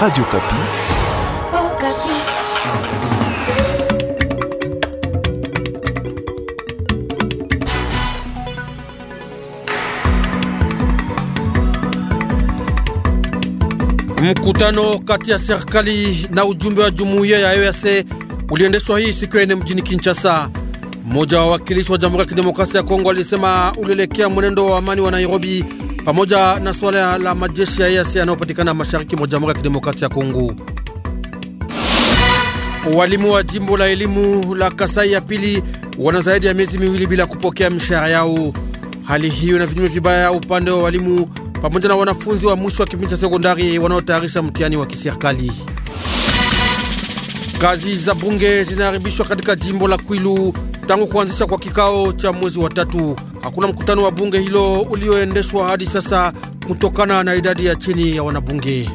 Radio Kapi. Oh, Kapi. Mkutano kati ya serikali na ujumbe wa jumuiya ya EAC uliendeshwa hii siku ene mjini Kinshasa. Mmoja wa wakilishi wa Jamhuri ya Kidemokrasia ya Kongo alisema ulielekea mwenendo wa amani wa Nairobi pamoja na suala la majeshi ya EAC yanayopatikana mashariki mwa Jamhuri ya Kidemokrasia ya Kongo. Walimu wa jimbo la elimu la Kasai ya pili wana zaidi ya miezi miwili bila kupokea mishahara yao. Hali hiyo na vinyume vibaya upande wa walimu pamoja na wanafunzi wa mwisho wa kipindi cha sekondari wanaotayarisha mtihani wa kiserikali. Kazi za bunge zinaharibishwa katika jimbo la Kwilu tangu kuanzisha kwa kikao cha mwezi wa tatu hakuna mkutano wa bunge hilo ulioendeshwa hadi sasa kutokana na idadi ya chini ya wanabunge.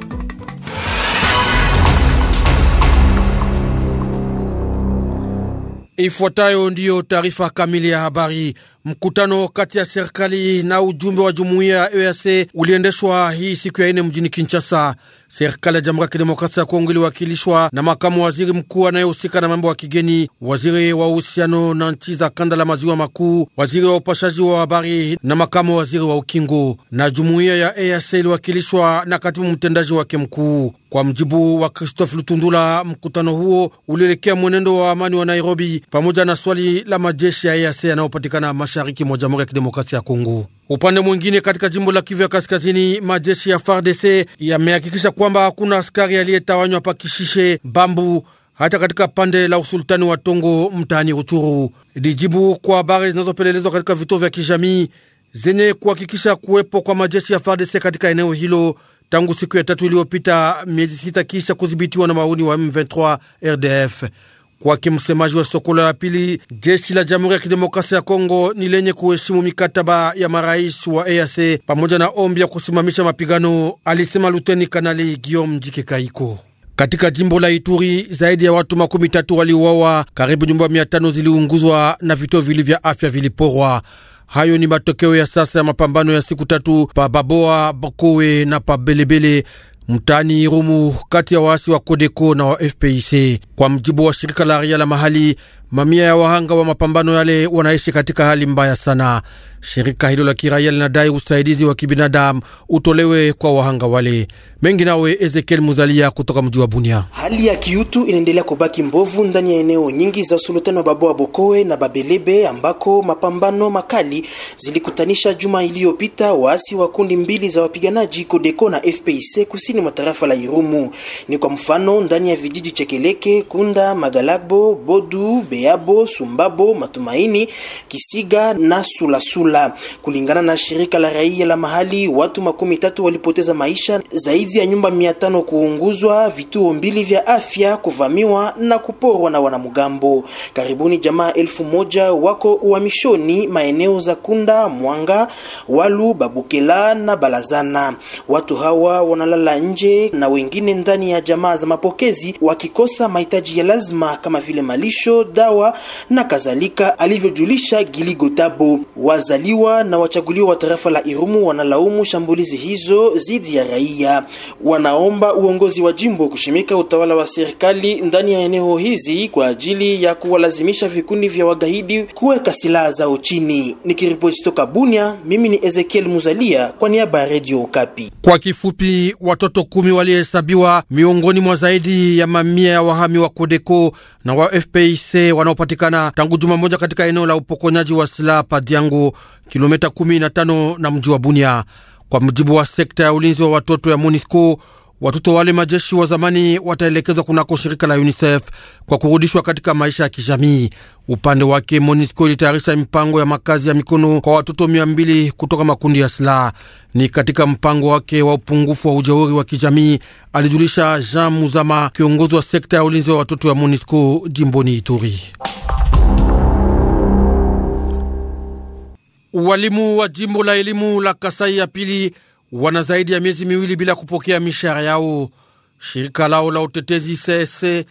Ifuatayo ndiyo taarifa kamili ya habari. Mkutano kati ya serikali na ujumbe wa jumuiya ya EAC uliendeshwa hii siku ya ine mjini Kinshasa. Serikali ya Jamhuri ya Kidemokrasia ya Kongo iliwakilishwa na makamu waziri mkuu anayehusika na mambo ya kigeni, waziri wa uhusiano na nchi za kanda la maziwa makuu, waziri wa upashaji wa habari na makamu waziri wa ukingo. Na jumuiya ya EAC iliwakilishwa na katibu mtendaji wake mkuu. Kwa mjibu wa Christophe Lutundula, mkutano huo ulielekea mwenendo wa amani wa Nairobi pamoja na swali la majeshi ya EAC yanayopatikana mashariki mwa Jamhuri ya Kidemokrasia ya Kongo. Upande mwingine, katika jimbo la Kivu ya Kaskazini, majeshi ya FARDC yamehakikisha kwamba hakuna askari aliyetawanywa pakishishe Bambu, hata katika pande la usultani wa Tongo mtaani Ruchuru. Lijibu kwa habari zinazopelelezwa katika vituo vya kijamii zenye kuhakikisha kuwepo kwa majeshi ya FARDC katika eneo hilo tangu siku ya tatu iliyopita, miezi sita kisha kudhibitiwa na mauni wa M23 RDF. Kwake msemaji wa Sokola ya pili, jeshi la Jamhuri ya Kidemokrasia ya Kongo ni lenye kuheshimu mikataba ya marais wa EAC pamoja na ombi ya kusimamisha mapigano, alisema Luteni Kanali Guillaume Jikekaiko. Katika jimbo la Ituri zaidi ya watu makumi tatu waliuawa, karibu nyumba mia tano ziliunguzwa na vituo vili vya afya viliporwa. Hayo ni matokeo ya sasa ya mapambano ya siku tatu pa Baboa, Bokowe na pa Belebele mtani Irumu kati ya waasi wa Kodeko na wa FPIC kwa mjibu wa shirika la ria la mahali. Mamia ya wahanga wa mapambano yale wanaishi katika hali mbaya sana. Shirika hilo la kiraia linadai usaidizi wa kibinadamu utolewe kwa wahanga wale. Mengi nawe Ezekiel Muzalia kutoka mji wa Bunia. Hali ya kiutu inaendelea kubaki mbovu ndani ya eneo nyingi za sultani wa Baboa Bokoe na Babelebe ambako mapambano makali zilikutanisha juma iliyopita waasi wa kundi mbili za wapiganaji Kodeko na FPIC kusini mwa tarafa la Irumu. Ni kwa mfano ndani ya vijiji Chekeleke, Kunda, Magalabo, Bodu, Be Beyabo, Sumbabo, Matumaini, Kisiga na Sulasula. Kulingana na shirika la raia la mahali, watu makumi tatu walipoteza maisha, zaidi ya nyumba mia tano kuunguzwa, vituo mbili vya afya kuvamiwa na kuporwa na wanamgambo. Karibuni jamaa elfu moja wako uhamishoni maeneo za Kunda, Mwanga, Walu, Babukela na Balazana. Watu hawa wanalala nje na wengine ndani ya jamaa za mapokezi wakikosa mahitaji ya lazima kama vile malisho, dawa sawa na kadhalika, alivyojulisha giligotabo Wazaliwa na wachaguliwa wa tarafa la Irumu wanalaumu shambulizi hizo dhidi ya raia, wanaomba uongozi wa jimbo kushimika utawala wa serikali ndani ya eneo hizi kwa ajili ya kuwalazimisha vikundi vya wagaidi kuweka silaha zao chini. Nikiripoti toka Bunia, mimi ni Ezekiel Muzalia kwa niaba ya Radio Okapi. Kwa kifupi, watoto kumi walihesabiwa miongoni mwa zaidi ya mamia ya wahami wa Kodeko na wa FPIC wanaopatikana tangu juma moja katika eneo la upokonyaji wa silaha Padiango, kilomita 15 na mji wa Bunia, kwa mujibu wa sekta ya ulinzi wa watoto ya MONUSCO. Watoto wale majeshi wa zamani wataelekezwa kunako shirika la UNICEF kwa kurudishwa katika maisha ya kijamii. Upande wake, MONUSCO ilitayarisha mipango ya makazi ya mikono kwa watoto mia mbili kutoka makundi ya silaha. Ni katika mpango wake wa upungufu wa ujauri wa kijamii, alijulisha Jean Muzama, kiongozi wa sekta ya ulinzi wa watoto ya MONUSCO jimboni Ituri. Walimu wa jimbo la elimu la Kasai ya pili wana zaidi ya miezi miwili bila kupokea mishahara yao. Shirika lao la utetezi CSC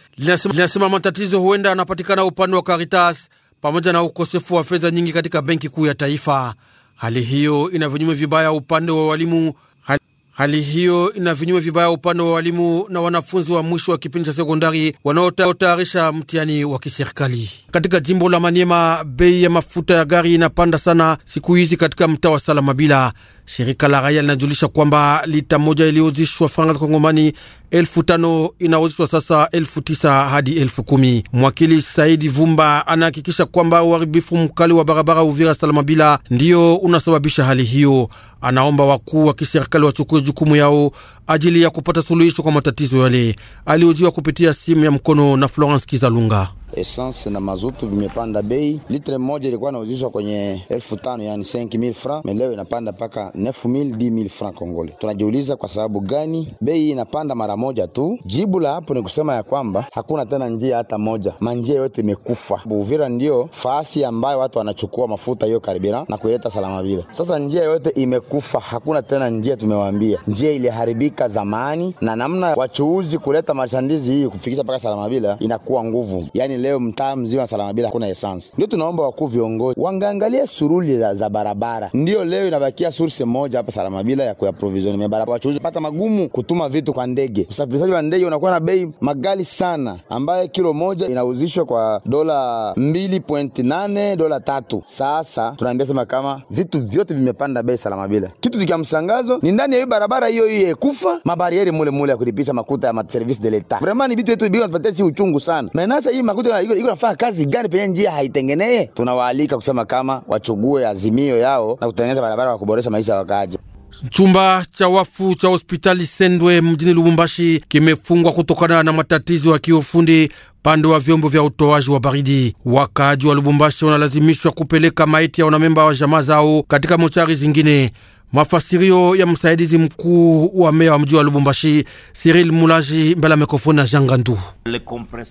linasema matatizo huenda anapatikana upande wa Caritas pamoja na ukosefu wa fedha nyingi katika benki kuu ya taifa. Hali hiyo ina vinyume vibaya upande wa walimu hali, hali hiyo ina vinyume vibaya upande wa walimu na wanafunzi wa mwisho wa kipindi cha sekondari wanaotayarisha mtihani wa kiserikali. Katika jimbo la Maniema, bei ya mafuta ya gari inapanda sana siku hizi katika mtaa wa Salamabila. Shirika la raia linajulisha kwamba lita moja iliyouzishwa franga za Kongomani elfu tano inauzishwa sasa elfu tisa hadi elfu kumi. Mwakili Saidi Vumba anahakikisha kwamba uharibifu mkali wa barabara Uvira Salamabila ndiyo unasababisha hali hiyo. Anaomba wakuu wa kiserikali wachukue jukumu yao ajili ya kupata suluhisho kwa matatizo yale. aliojiwa kupitia simu ya mkono na Florence Kizalunga essence na mazutu vimepanda bei. Litre moja ilikuwa inauzishwa kwenye elfu tano yani 5000 francs, leo inapanda mpaka 9000 10000 francs kongole. Tunajiuliza kwa sababu gani bei inapanda mara moja tu? Jibu la hapo ni kusema ya kwamba hakuna tena njia hata moja, manjia yote imekufa. Buvira ndio fasi ambayo watu wanachukua mafuta hiyo karibira na kuileta salama bila. Sasa njia yote imekufa, hakuna tena njia. Tumewaambia njia iliharibika zamani, na namna wachuuzi kuleta mashandizi hii kufikisha mpaka salama bila inakuwa nguvu yani leo mtaa mzima salama bila kuna essence. Ndio tunaomba wakuu viongozi wangaangalia suruli za, za barabara. Ndio leo inabakia source moja hapa salama bila ya kuyaprovisioni ya barabara. Wachuuzi pata magumu kutuma vitu kwa ndege, usafirishaji wa ndege unakuwa na bei magali sana, ambaye kilo moja inauzishwa kwa dola 2.8 dola tatu. Sasa tunaambia sema kama vitu vyote vimepanda bei salama bila kitu kika msangazo ni ndani ya barabara hiyo hiyo kufa mabarieri mule mule ya kulipisha makuta ya service de l'etat. Vraiment ni vitu yetu bila tupatia si uchungu sana. Maana sasa hii makuta yote iko nafanya kazi gani penye njia haitengeneye? Tunawaalika kusema kama wachugue azimio yao na kutengeneza barabara wa kuboresha maisha ya wakaaji. Chumba cha wafu cha hospitali Sendwe mjini Lubumbashi kimefungwa kutokana na matatizo ya kiufundi pande wa vyombo vya utoaji wa baridi. Wakaaji wa Lubumbashi wanalazimishwa kupeleka maiti ya wanamemba wa jamaa zao katika mochari zingine. Mafasirio ya msaidizi mkuu wa meya wa mji wa Lubumbashi siril Mulaji mbele ya mikrofoni ya Jangandu.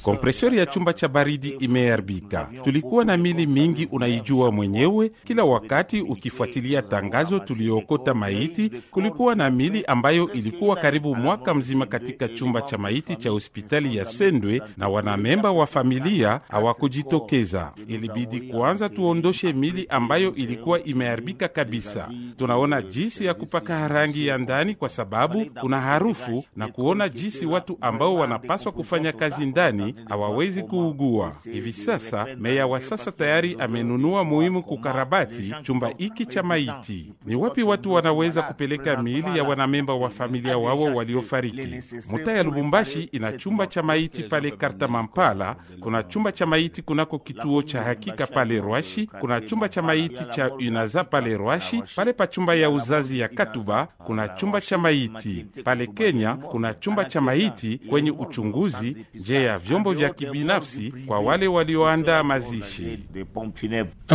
Kompresori ya chumba cha baridi imeharibika. Tulikuwa na mili mingi, unaijua mwenyewe. Kila wakati ukifuatilia tangazo, tuliokota maiti. Kulikuwa na mili ambayo ilikuwa karibu mwaka mzima katika chumba cha maiti cha hospitali ya Sendwe, na wanamemba wa familia hawakujitokeza. Ilibidi kwanza tuondoshe mili ambayo ilikuwa imeharibika kabisa. Tunaona jinsi ya kupaka rangi ya ndani, kwa sababu kuna harufu na kuona jinsi watu ambao wanapaswa kufanya kazi ndani hawawezi kuugua. Hivi sasa meya wa sasa tayari amenunua muhimu kukarabati chumba hiki cha maiti. Ni wapi watu wanaweza kupeleka miili ya wanamemba wa familia wao waliofariki? Muta ya Lubumbashi ina chumba cha maiti pale Karta Mampala, kuna chumba cha maiti kunako kituo cha hakika pale Rwashi, kuna chumba cha maiti cha Unaza pale Rwashi, pale pa chumba ya uzazi ya Katuba kuna chumba cha maiti. Pale Kenya kuna chumba cha maiti kwenye uchunguzi nje ya vyombo vya kibinafsi kwa wale walioandaa mazishi.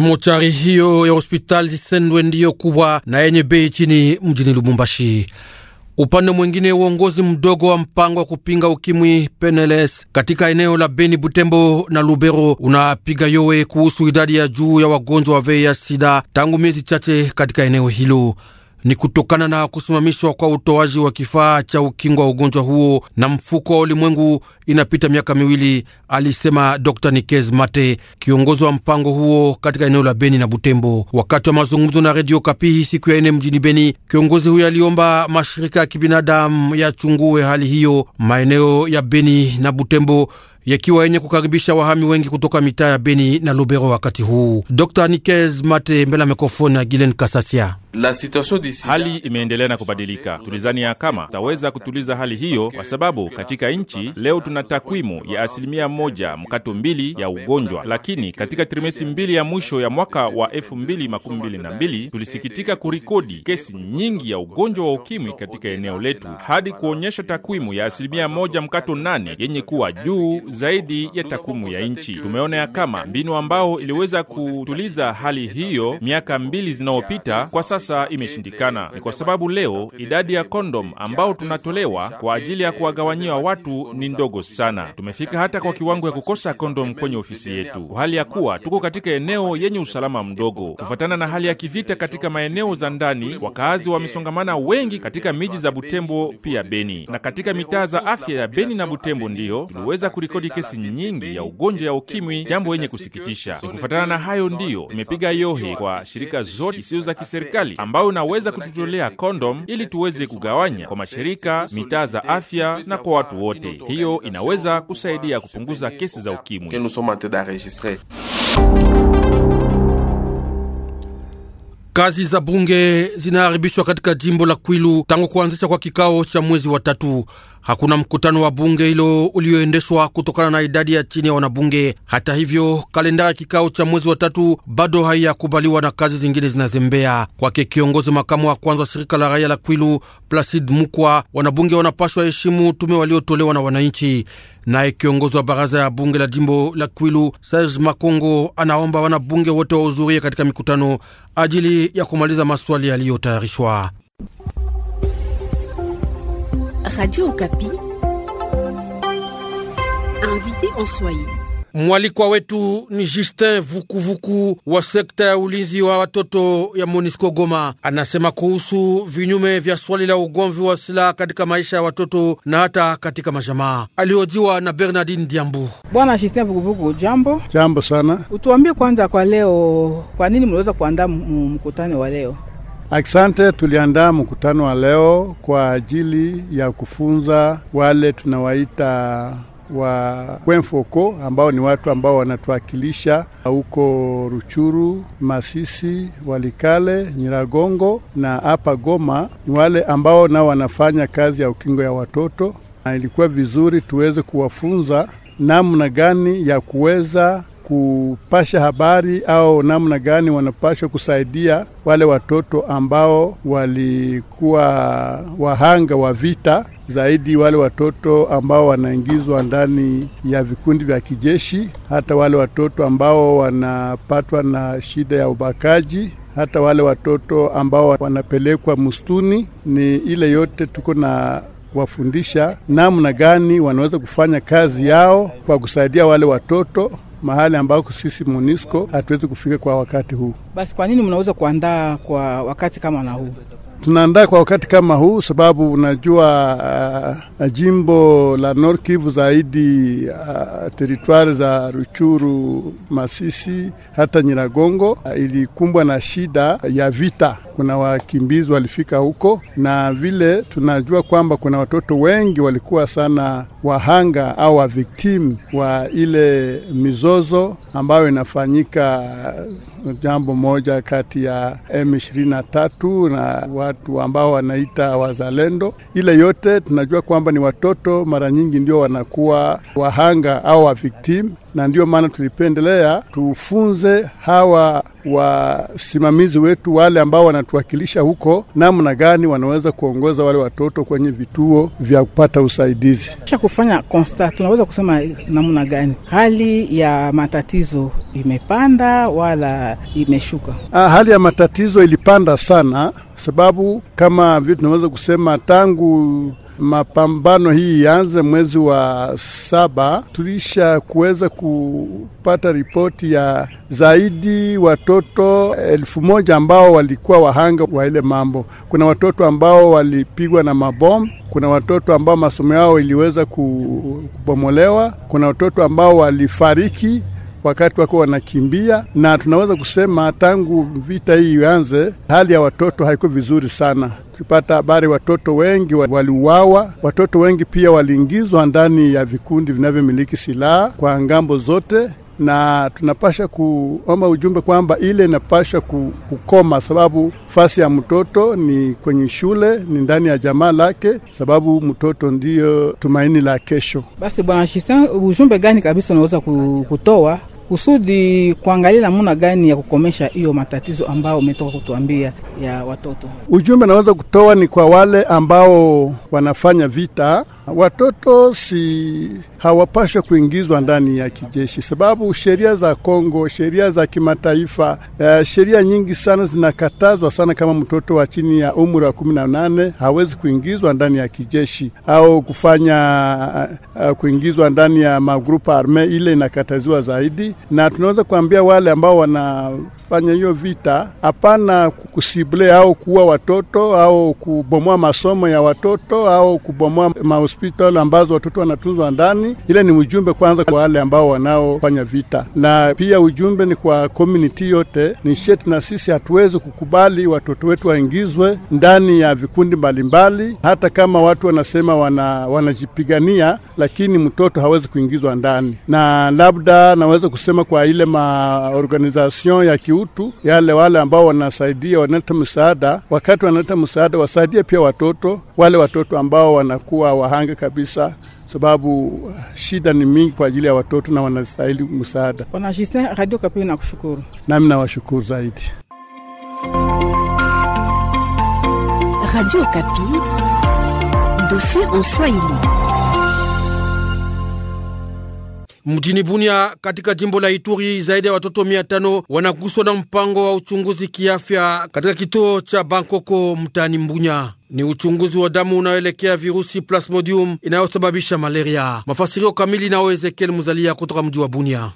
Mochari hiyo ya hospitali Sendwe ndiyo kubwa na yenye bei chini mjini Lubumbashi. Upande mwingine uongozi mdogo wa mpango wa kupinga ukimwi PNLS katika eneo la Beni, Butembo na Lubero unapiga yowe kuhusu idadi ya juu ya wagonjwa wa VIH sida tangu miezi chache katika eneo hilo ni kutokana na kusimamishwa kwa utoaji wa kifaa cha ukingo wa ugonjwa huo na mfuko wa ulimwengu inapita miaka miwili, alisema Dr Nikes Mate, kiongozi wa mpango huo katika eneo la Beni na Butembo. Wakati wa mazungumzo na Redio Kapihi siku ya ine mjini Beni, kiongozi huyo aliomba mashirika ya kibinadamu yachungue hali hiyo maeneo ya Beni na Butembo yakiwa yenye kukaribisha wahami wengi kutoka mitaa ya Beni na Lubero wakati huu. Dr Nikes Mate mbele ya mikrofoni ya Gilen Kasasia. La hali imeendelea na kubadilika. Tulizani ya kama taweza kutuliza hali hiyo, kwa sababu katika nchi leo tuna takwimu ya asilimia moja mkato mbili ya ugonjwa, lakini katika trimesi mbili ya mwisho ya mwaka wa elfu mbili makumi mbili na mbili tulisikitika kurikodi kesi nyingi ya ugonjwa wa ukimwi katika eneo letu hadi kuonyesha takwimu ya asilimia moja mkato nane yenye kuwa juu zaidi ya takwimu ya nchi. Tumeona ya kama mbinu ambao iliweza kutuliza hali hiyo miaka mbili zinayopita kwa sasa imeshindikana. Ni kwa sababu leo idadi ya kondom ambao tunatolewa kwa ajili ya kuwagawanyia watu ni ndogo sana. Tumefika hata kwa kiwango ya kukosa kondom kwenye ofisi yetu, kwa hali ya kuwa tuko katika eneo yenye usalama mdogo. Kufuatana na hali ya kivita katika maeneo za ndani, wakaazi wamesongamana wengi katika miji za Butembo pia Beni, na katika mitaa za afya ya Beni na Butembo ndiyo tuliweza kurikodi kurekodi kesi nyingi ya ugonjwa ya ukimwi, jambo yenye kusikitisha. Ni kufuatana na hayo ndiyo imepiga yohe kwa shirika zote isiyo za kiserikali ambayo inaweza kututolea kondom ili tuweze kugawanya kwa mashirika, mitaa za afya na kwa watu wote. Hiyo inaweza kusaidia kupunguza kesi za ukimwi. Kazi za bunge zinaharibishwa katika jimbo la Kwilu tangu kuanzisha kwa kikao cha mwezi wa tatu. Hakuna mkutano wa bunge hilo ulioendeshwa kutokana na idadi ya chini ya wanabunge. Hata hivyo, kalenda ya kikao cha mwezi wa tatu bado haiyakubaliwa na kazi zingine zinazembea. Kwake kiongozi makamu wa kwanza wa shirika la raia la Kwilu, Placid Mukwa, wanabunge wanapashwa heshimu tume waliotolewa na wananchi. Naye kiongozi wa baraza ya bunge la jimbo la Kwilu Serge Makongo anaomba wanabunge wote wahudhurie katika mikutano ajili ya kumaliza maswali yaliyotayarishwa. Radio Okapi invité en Swahili Mwalikwa wetu ni Justin Vukuvuku wa sekta ya ulinzi wa watoto ya Monisco Goma, anasema kuhusu vinyume vya swali la ugomvi wa silaha katika maisha ya watoto na hata katika majamaa. Aliojiwa na Bernardine Diambu. Bwana Justin Vukuvuku, jambo. Jambo sana. Utuambie kwanza kwa leo, kwa nini mliweza kuandaa mkutano wa leo? Aksante, Tuliandaa mkutano wa leo kwa ajili ya kufunza wale tunawaita wa Kwenfoko ambao ni watu ambao wanatuwakilisha huko Ruchuru, Masisi, Walikale, Nyiragongo na hapa Goma, ni wale ambao nao wanafanya kazi ya ukingo ya watoto, na ilikuwa vizuri tuweze kuwafunza namna gani ya kuweza kupasha habari au namna gani wanapashwa kusaidia wale watoto ambao walikuwa wahanga wa vita zaidi wale watoto ambao wanaingizwa ndani ya vikundi vya kijeshi, hata wale watoto ambao wanapatwa na shida ya ubakaji hata wale watoto ambao wanapelekwa mustuni Ni ile yote tuko na kuwafundisha namna gani wanaweza kufanya kazi yao kwa kusaidia wale watoto mahali ambako sisi MONUSCO hatuwezi kufika kwa wakati huu. Basi kwa nini mnaweza kuandaa kwa wakati kama na huu? tunaandaa kwa wakati kama huu, sababu unajua uh, jimbo la North Kivu zaidi uh, teritwari za Ruchuru, Masisi hata Nyiragongo uh, ilikumbwa na shida ya vita. Kuna wakimbizi walifika huko, na vile tunajua kwamba kuna watoto wengi walikuwa sana wahanga au waviktimu wa ile mizozo ambayo inafanyika uh, jambo moja kati ya M23 na watu ambao wanaita wazalendo. Ile yote tunajua kwamba ni watoto mara nyingi ndio wanakuwa wahanga au victim na ndiyo maana tulipendelea tufunze hawa wasimamizi wetu wale ambao wanatuwakilisha huko, namna gani wanaweza kuongoza wale watoto kwenye vituo vya kupata usaidizi. Kisha kufanya konsta tunaweza kusema namna gani hali ya matatizo imepanda wala imeshuka? ha, ah, hali ya matatizo ilipanda sana sababu kama vile tunaweza kusema tangu mapambano hii ianze mwezi wa saba. Tulisha kuweza kupata ripoti ya zaidi watoto elfu moja ambao walikuwa wahanga wa ile mambo. Kuna watoto ambao walipigwa na mabomu, kuna watoto ambao masomo yao iliweza kubomolewa, kuna watoto ambao walifariki wakati wako wanakimbia, na tunaweza kusema tangu vita hii ianze, hali ya watoto haiko vizuri sana. Tulipata habari watoto wengi waliuawa, watoto wengi pia waliingizwa ndani ya vikundi vinavyomiliki silaha kwa ngambo zote na tunapasha kuomba ujumbe kwamba ile inapasha kukoma, sababu fasi ya mtoto ni kwenye shule, ni ndani ya jamaa lake, sababu mtoto ndiyo tumaini la kesho. Basi Bwana Shisan, ujumbe gani kabisa unaweza kutoa kusudi kuangalia namna gani ya kukomesha hiyo matatizo ambao umetoka kutuambia ya watoto. Ujumbe naweza kutoa ni kwa wale ambao wanafanya vita, watoto si hawapashwe kuingizwa ndani ya kijeshi, sababu sheria za Kongo, sheria za kimataifa, uh, sheria nyingi sana zinakatazwa sana, kama mtoto wa chini ya umri wa kumi na nane hawezi kuingizwa ndani ya kijeshi au kufanya uh, kuingizwa ndani ya magrupa arme, ile inakataziwa zaidi, na tunaweza kuambia wale ambao wana kufanya hiyo vita, hapana kusible au kuua watoto au kubomoa masomo ya watoto au kubomoa mahospitali ambazo watoto wanatunzwa ndani. Ile ni ujumbe kwanza kwa wale ambao wanaofanya vita, na pia ujumbe ni kwa community yote, ni sheti na sisi hatuwezi kukubali watoto wetu waingizwe ndani ya vikundi mbalimbali, hata kama watu wanasema wana, wanajipigania, lakini mtoto hawezi kuingizwa ndani, na labda naweza kusema kwa ile maorganization ya kiu utu, yale wale ambao wanasaidia, wanaleta msaada. Wakati wanaleta msaada, wasaidie pia watoto wale watoto ambao wanakuwa wahanga kabisa, sababu uh, shida ni mingi kwa ajili ya watoto na wanastahili msaada. Bwana Justin, Radio Kapi nakushukuru. Nami nawashukuru zaidi. Radio Kapi, dossier en Swahili. Mjini Bunia katika jimbo la Ituri, zaidi ya watoto mia tano wanaguswa na mpango wa uchunguzi kiafya katika kituo cha Bankoko mtaani Mbunya. Ni uchunguzi wa damu unaoelekea virusi Plasmodium inayosababisha malaria. Mafasirio kamili nao Ezekiel Muzalia kutoka mji wa Bunia.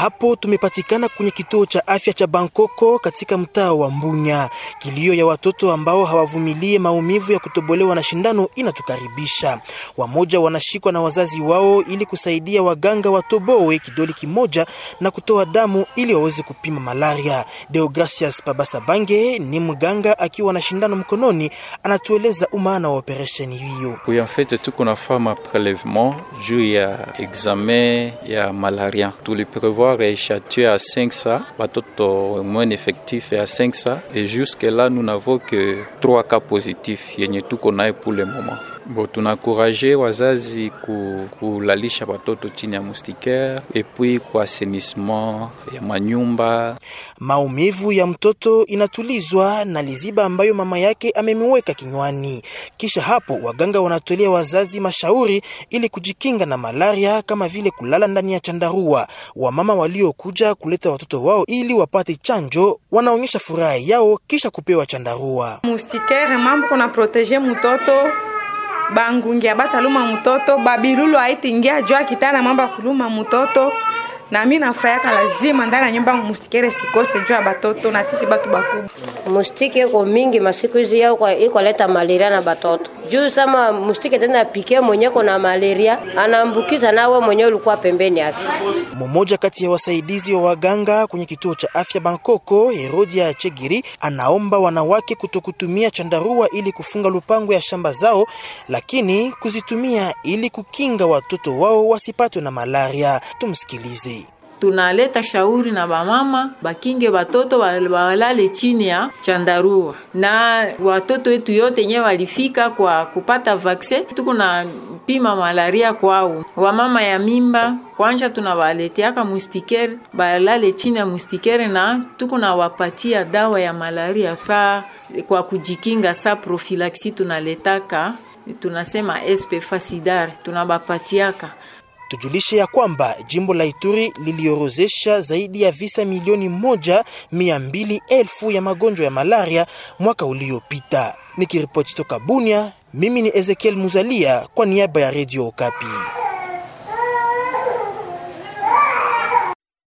Hapo tumepatikana kwenye kituo cha afya cha Bangkoko katika mtaa wa Mbunya. Kilio ya watoto ambao hawavumilie maumivu ya kutobolewa na shindano inatukaribisha. Wamoja wanashikwa na wazazi wao ili kusaidia waganga watoboe kidoli kimoja na kutoa damu ili waweze kupima malaria. Deogracias Pabasabange ni mganga akiwa na shindano mkononi, anatueleza umaana wa operesheni hiyo. Kuyafete tuko na fama prelevement juu ya examen ya malaria tuliprevoa avoir échatué à 500, au moins effectif à 500, et jusque-là, nous n'avons que 3 cas positifs, et tout qu'on a pour le moment. Bo, tunakoraje wazazi kulalisha watoto chini ya mustikere epui kwa senisma ya manyumba. Maumivu ya mtoto inatulizwa na liziba ambayo mama yake amemiweka kinywani. Kisha hapo waganga wanatolea wazazi mashauri ili kujikinga na malaria, kama vile kulala ndani ya chandarua. Wamama waliokuja kuleta watoto wao ili wapate chanjo wanaonyesha furaha yao kisha kupewa chandarua mustikere. Mambo na proteje mtoto bangungi abataluma mutoto babilulu aitingia jo akitana mwamba kuluma mutoto na mimi nafurahaka, lazima ndani ya nyumba mustikere sikose juu ya batoto na sisi batu bakubwa. Mustike iko mingi masiku hizi yao iko leta malaria na batoto juu sama mustike tena pike mwenye kona malaria anaambukiza, nawe mwenye ulikuwa pembeni yake. Mmoja kati ya wasaidizi wa waganga kwenye kituo cha afya Bangkoko, Herodia Chegiri, anaomba wanawake kutokutumia chandarua ili kufunga lupango ya shamba zao, lakini kuzitumia ili kukinga watoto wao wasipatwe na malaria. Tumsikilize tunaleta shauri na bamama bakinge batoto balale chini ya chandarua, na watoto wetu yote nye walifika kwa kupata vaksin, tuko na pima malaria kwao. Wamama ya mimba kwanja tunawaleteaka mustikere balale chini ya mustiker, na tuko na wapatia dawa ya malaria saa kwa kujikinga, saa profilaksi tunaletaka, tunasema SP fasidar tunabapatiaka Tujulishe ya kwamba jimbo la Ituri liliorozesha zaidi ya visa milioni moja mia mbili elfu ya magonjwa ya malaria mwaka uliopita. Nikiripoti toka Bunia, mimi ni Ezekiel Muzalia kwa niaba ya redio Okapi.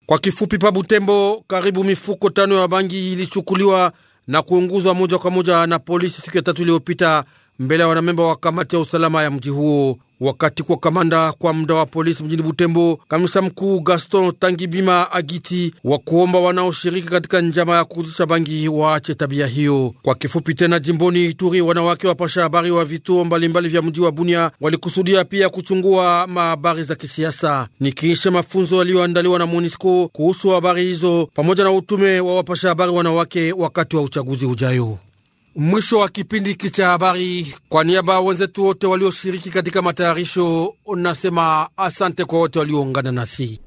Kwa kifupi, pa Butembo karibu mifuko tano ya bangi ilichukuliwa na kuunguzwa moja kwa moja na polisi siku ya tatu iliyopita mbele ya wanamemba wa kamati ya usalama ya mji huo. Wakati kwa kamanda kwa muda wa polisi mjini Butembo, kamisa mkuu Gaston Tangibima Agiti wa kuomba wanaoshiriki katika njama ya kuzusha bangi waache tabia hiyo. Kwa kifupi tena, jimboni Ituri, wanawake wapasha habari wa vituo mbalimbali vya mji wa Bunia walikusudia pia kuchungua mahabari za kisiasa, nikiisha mafunzo yaliyoandaliwa na MONISCO kuhusu habari hizo pamoja na utume wa wapasha habari wanawake wakati wa uchaguzi ujayo. Mwisho wa kipindi hiki cha habari, kwa niaba ya wenzetu wote walioshiriki katika matayarisho, unasema asante kwa wote walioungana nasi.